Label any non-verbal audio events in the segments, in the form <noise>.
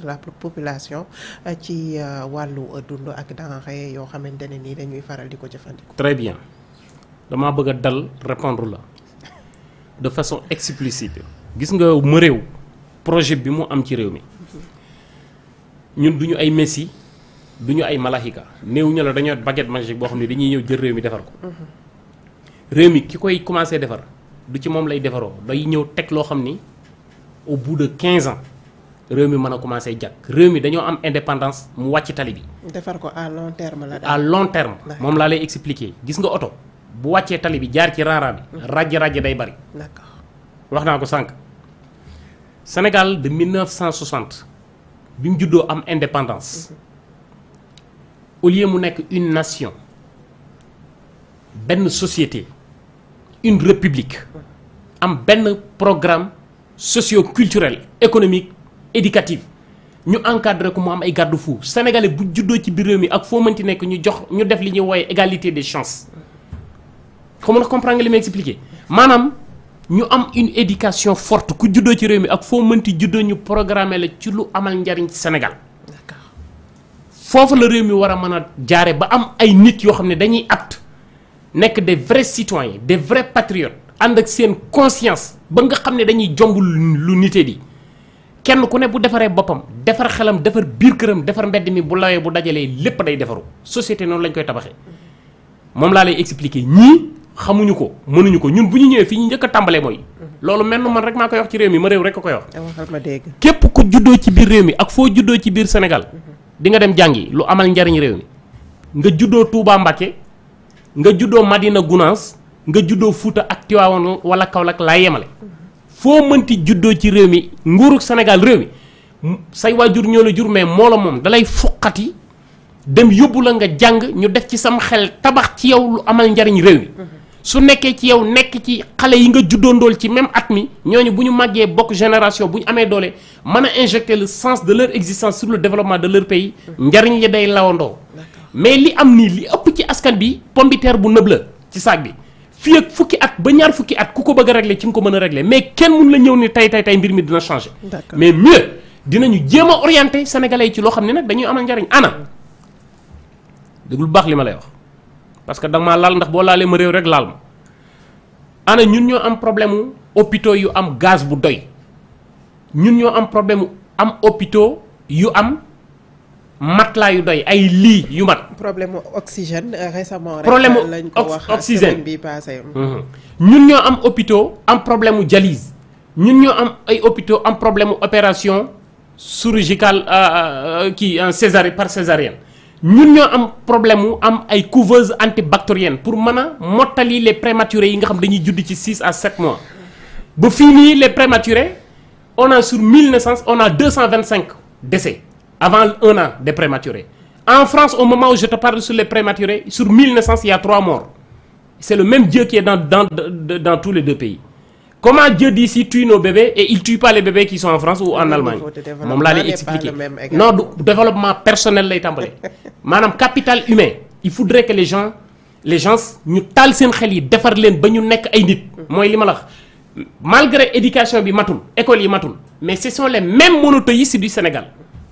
la population euh, ci euh, euh, très bien bëgg répondre de façon explicite gis nga projet bi mu am ci rew mi ñun duñu ay messi duñu ay malahika baguette magique bo xamni dañuy ñew jël rew mi à ko mhm. rew mi ki koy au bout de 15 ans réew mi mën a commencé jag réew mi dañoo am indépendance mu wàcc tali bi. defar ko à long terme la. à long terme moom laa lay expliquer gis nga oto bu wàccee tali bi jaar ci raara bi. Mm. ràjj ràjj day bari. d'accord wax naa ko sànq Sénégal de 1960 bi mu juddoo am indépendance mm-hmm. au lieu mu nekk une nation benn société une république mm. am benn programme socio-culturel économique éducative ñu encadré ko mu am ay garde-fou sénégalais bu juddoo ci biir réew mi ak foo mënti nekk ñu jox ñu def li ñuy wooye égalité des chances xam nga comprendre nga li may expliquer maanaam ñu am une éducation forte ku juddoo ci réew mi ak foo mënti juddoo ñu programmer la ci lu amal njariñ ci Sénégal foofu la réew mi war a mën a jaare ba am ay nit yoo xam ne dañuy apte nekk des vrais citoyens des vrais patriotes ànd ak seen conscience ba nga xam ne dañuy jomb lu nité di kenn ku ne bu defaree boppam defar xelam defar biir këram defar mbedd mi bu lawee bu dajalee lépp day defaru société noonu lañ koy tabaxee moom laa lay expliquer ñii xamuñu ko mënuñu ko ñun bu ñu ñëwee fi ñu njëkk a tàmbalee mooy loolu mel man rek maa koy wax ci réew mi ma réew rek ko koy wax képp ku juddoo ci biir réew mi ak foo juddoo ci biir Sénégal di nga dem jàngi lu amal njariñ réew mi nga juddoo Touba Mbacké nga juddoo Madina Gounass nga juddoo Fouta ak tiwaawon wala kaolak laa yemale foo mënti juddoo ci réew mi nguurug Sénégal réew mi say waajur ñoo la jur mais moo la moom dalay fuqati dem yóbbu la nga jàng ñu def ci sam xel tabax ci yow lu amal njariñ réew mi mm-hmm. su nekkee ci yow nekk ci xale yi nga juddoondool ci même at mi ñooñu bu ñu màggee bokk génération bu ñu amee doole mën a injecter le sens de leur existence sur le développement de leur pays mm-hmm. njariñ li day lawandoo mais li am nii li ëpp ci askan bi pombiteer bu nëb la ci saag bi fii ak fukki at ba ñaar fukki at ku ko bëgg a régler ci nga ko mën a régler mais kenn mun la ñëw ni tey tey tey mbir mi dina changer. mais mieux dinañu jéem a orienté sénégalais yi ci loo xam ne nag dañuy amal njariñ ana. déglu baax li ma lay wax parce que danga maa laal ndax boo laalee ma réew rek laal ma ana ñun ñoo am problème mu yu am gaz bu doy ñun ñoo am problème am hôpitaux yu am. matelas yu doy ay lii yu mat. problème oxygène euh, récemment. rek problème oxygène bi passé mhm. ñun ñoo am hôpitaux am problème dialyse ñun ñoo am ay hôpitaux am problème mu opération chirurgicale qui euh, euh, par césarienne ñun avons am problème am ay couveuse antibactérienne pour moi, les prématurés yi nga xam dañuy judd ci 6 à 7 mois ba finir les prématurés on a sur 1000 naissances on a 225 décès avant un an des prématurés. En France, au moment où je te parle sur les prématurés, sur 1000 naissances, il y a trois morts. C'est le même Dieu qui est dans, dans, dans, tous les deux pays. Comment Dieu dit si tue nos bébés et il ne tue pas les bébés qui sont en France ou en Allemagne Mon là, expliquer. Non, développement personnel là, <laughs> Madame, capital humain. Il faudrait que les gens, les gens, nous sen xel yi ba ñu nek ay Malgré éducation bi mais ce sont les mêmes monothéistes du Sénégal.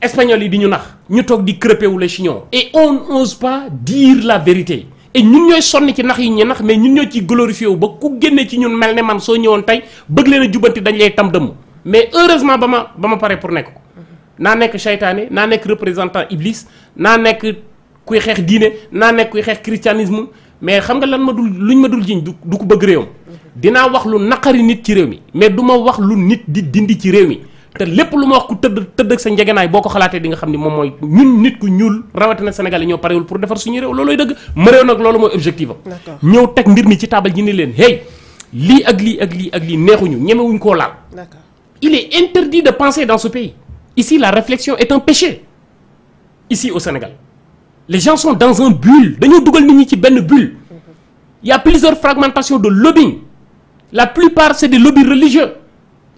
Espagnol yi di ñu nax ñu tok di crêper les chignons et on n'ose pas dire la vérité et ñun ñoy sonni ci nax yi ñu nax mais ñun ñoy ci glorifier wu ba ku génné ci ñun mel man so ñewon tay bëgg leen jubanti dañ lay tam dem mais heureusement Bama Bama paré pour nek ko naa Shaytané, seytaane naa représentant iblis na nek kuy xex diine na nek kuy xex christianisme mais xam nga lan ma dul luñ ma dul jiñ du du ko bëgg réewam dina wax lu naqari nit ci réew mi mais duma wax lu nit di dindi ci réew mi te lépp lu ma wax ku tëdd tëdd ak sa njegenaay boo ko xalaatee di nga xam ni moom mooy ñun nit ku ñuul rawatina Sénégal yi ñoo parewul pour defar suñu réew loolooy dëgg ma réew nag loolu mooy objectif am ñëw teg mbir mi ci table ji ni leen hey lii ak lii ak lii ak lii neexuñu ñemewuñ koo laal il est interdit de penser dans ce pays ici la réflexion est un péché ici au Sénégal les gens sont dans un bulle dañoo dugal nit ñi ci benn bulle mm-hmm. il y a plusieurs fragmentations de lobbying la plupart c'est des lobbies religieux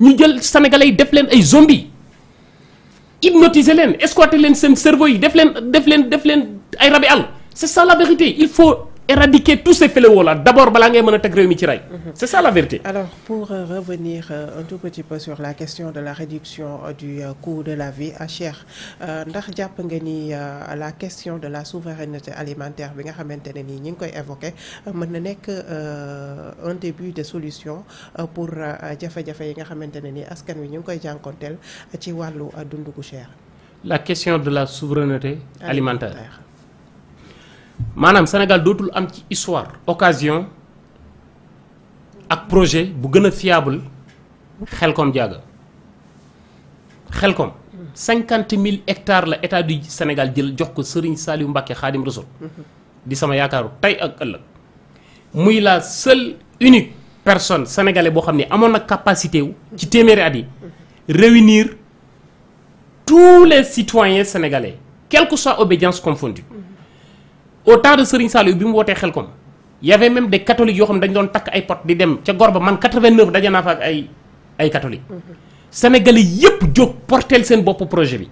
ñu jël sénégalais yi def leen ay zombie hypnotiser leen escorter leen seen cerveau yi def leen def leen def leen ay rabi àll c'est ça la vérité il faut éradiquer tous ces fléaux là d'abord je ngay mën ci ray mhm. c'est ça la vérité alors pour euh, revenir euh, un tout petit peu sur la question de la réduction euh, du coût de la vie à cher ndax japp nga ni la question de la souveraineté alimentaire bi nga avez évoquée. ñing koy évoquer un début de solution pour jafé jafé yi nga À ni askan wi ñing koy jankontel ci gu cher la question de la souveraineté alimentaire manam Sénégal dootul am ci histoire occasion ak projet bu gëna fiable Xelkom jaaga Xelkom 50 000 hectares la état du Sénégal jël jox ko Serigne Saliou Mbacké Khadim rasoul di sama yaakaaru tay ak muy la seule unique personne sénégalaise qui a ne capacité de ci réunir tous les citoyens sénégalais quelle que soit obédience confondue au temps de Serigne Saliou bi mu wootee Xelkom y avait de des catholiques yoo xam ne doon takk ay pot di dem ca gor ba man 89 daje naa fa ak ay ay catholiques. sénégalais yëpp jóg porteel seen bopp projet bi.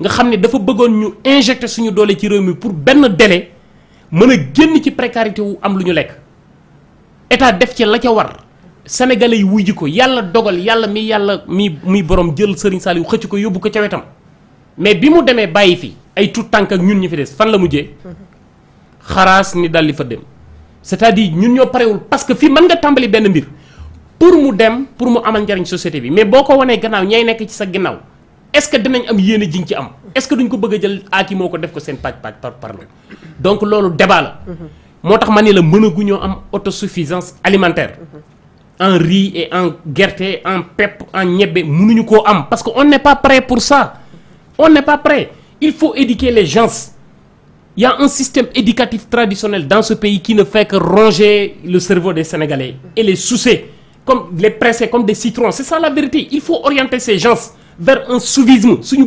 nga xam ne dafa bëggoon ñu injecté suñu doole ci réew mi pour benn délai mën a génn ci précarité wu am lu ñu lekk état def ci la ca war sénégalais yi wuy ko yàlla dogal yàlla mi yàlla mi mi borom jël Serigne Saliou xëcc ko yóbbu ko ca wetam mais bi mu demee bàyyi fi ay tout tànk ñun ñi fi des fan la mujjee. kharas ni dalli fa dem c'est-à-dire ñun ñoo parewul parce que fi man nga tambali ben mbir pour mu dem pour mu amal jarign société bi mais boko woné gannaaw ñay nek ci sa gannaaw est-ce que dinañ am yene jiñ ci am est-ce que duñ ko bëgg jël aaki ko def ko sen pac pac par donc lolu débat la mm-hmm. motax mané la am autosuffisance alimentaire mm-hmm. en riz et en gerte en pepp en ñebbe mënuñu ko am parce que on n'est pas prêt pour ça on n'est pas prêt il faut éduquer les gens il y a un système éducatif traditionnel dans ce pays qui ne fait que ronger le cerveau des Sénégalais et les soucer, comme les presser comme des citrons. C'est ça la vérité. Il faut orienter ces gens vers un souvisme. Si nous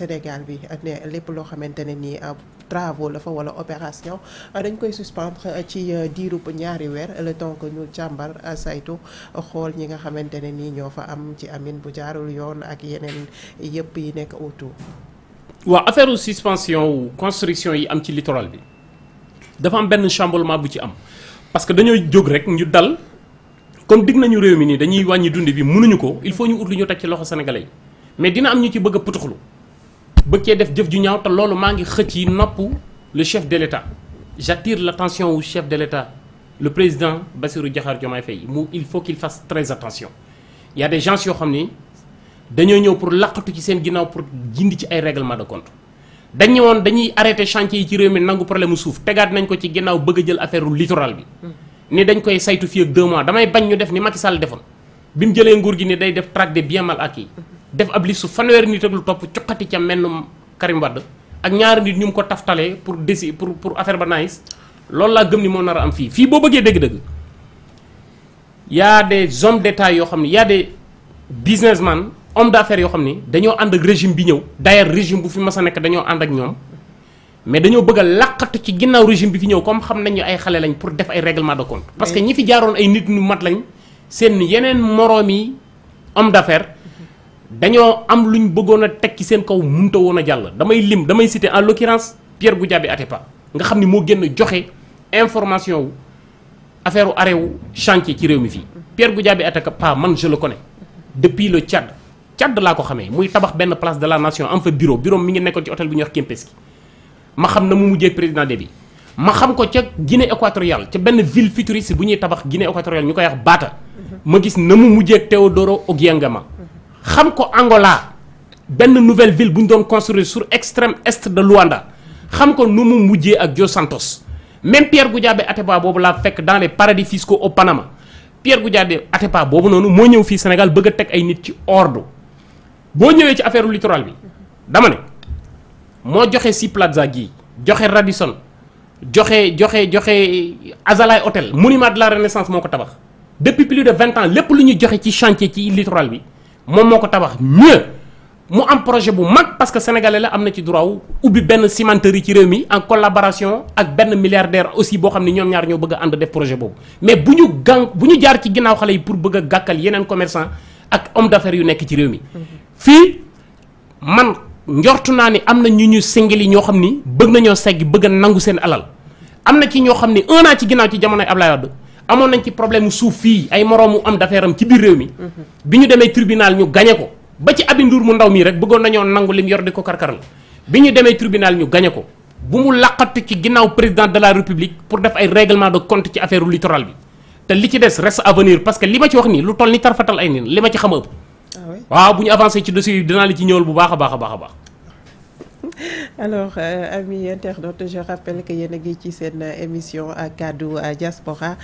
Sénégal bi ne lépp euh, travaux la wala opération dañ koy suspendre euh, ci euh, diirub le temps que ñu càmbar saytu xool ñi nga xamantene ni ñoo fa am ci bu jaarul yoon ak yi affaire suspension construction yi littoral bi dafa am benn bu am parce que dañoo jóg rek ñu dal comme dig nañu mi dañuy dund bi ko il faut ñu ñu ci loxo mais dina am ñu ci bëgg bëgg def jëf ju ñaaw te loolu maa ngi xëcc yi nopp le chef de l'État j'attire l'attention au chef de l'État le président Bassirou Diakhar Diomaye Faye mu il faut qu'il fasse très attention il y a des gens yoo xam ni dañoo ñëw pour laqatu ci seen ginnaaw pour jindi ci ay règlement de compte dañ woon dañuy arrêté chantier yi ci réew mi nangu problème mu suuf tegaat nañ ko ci ginnaaw bëgg a jël affaire littoral bi hmm. ni dañ koy saytu fii ak deux mois damay bañ ñu def ni Macky Sall defoon bi mu jëlee nguur gi ni day def traque des biens mal acquis def ab liste su fanweeri nit ak lu topp cuqati ca mennum Karim Wade ak ñaari nit ñu mu ko taftalee pour dési pour pour affaire ba nice lool laa gëm ni moo nar a am fii fii boo bëggee dëgg-dëgg y a des hommes yoo xam ne yaa a des man hommes daffaire yoo xam ne dañoo ànd ak régime bi ñëw d'ailleurs régime bu fi ma a nekk dañoo ànd ak ñoom mais dañoo bëgg a làqatu ci ginnaaw régime bi fi ñëw comme xam nañu ay xale lañ pour def ay réglement de compte parce que fi jaaroon ay nit ñu mat lañ seen yeneen moroom yi homme d'affaires dañoo am lu ñu bëggoon a teg ci seen kaw munta woon a jàll damay lim damay citer en l'occurrence Pierre Goudiaby Atepa nga xam ni moo génn joxe information wu affaire u arrêt chantier ci réew mi fii Pierre Goudiaby Atepa man je ko ne depuis le Tchad Tchad laa ko xamee muy tabax benn place de la nation am fa bureau bureau mi ngi nekkoon ci hôtel bu ñuy wax Kempinski ma xam na mu mujjee président bi ma xam ko ca Guinée équatoriale ca benn ville futuriste bu ñuy tabax Guinée équatoriale ñu koy wax Bata ma gis na mu mujjee Théodoro Obiangama xam Angola benn nouvelle ville bu ñu doon construire sur extrême est de Luanda xam ko nu mu mujjee ak jo Santos même Pierre Goudiaby Atepa boobu laa fekk dans les paradis fiscaux au Panama Pierre Goudiaby Atepa boobu noonu moo ñëw fii Sénégal bëgg a teg ay nit ci ordre boo ñëwee ci affaire littoral bi dama ne moo joxe Sea Plaza gii joxe Radisson joxe joxe joxe Azalai Hotel monument de la Renaissance moo tabax depuis plus de 20 ans lépp lu ñu joxe ci chantier ci littoral bi mom moko tabax mieux mu am projet bu mag parce que sénégalais la amna ci droit wu ben benn cimenterie ci réew en collaboration ak ben milliardaire aussi bo xamni ñom ñaar ñoo bëgg and def projet boobu mais buñu ñu buñu jaar ci ginnaw xalé yi pour bëgg gakkal yenen yeneen commerçant ak homme d'affaires yu nekk ci réew fi man njortu naa ni am ñu ñu singil ñoo xamni ni bëgg nañoo segg bëgg nangu seen alal amna ci ñoo xamni ni un an ci ginnaw ci jamonoy Ablaye Wade amoon nañ ci problème mu suuf ay moroomu am d'affaire ci biir réew mi. bi ñu tribunal ñu gagné ko ba ci Aby mu ndaw mi rek bëggon nañu nangul lim yor di ko karkaral bi ñu demee tribunal ñu gagné ko bu mu laqatu ci ginnaw président de la république pour def ay règlement de compte ci affaire littoral bi té li ci dess reste à venir parce que li ma ci wax ni lu toll ni tarfatal ay nin li ma ci xam ah oui waaw buñu avancer ci dossier dina li ci ñëwul bu baaxa baaxa baaxa baax <laughs> alors euh, amis internautes je rappelle que yéen a ngi ci seen émission à Kaddu à Diaspora.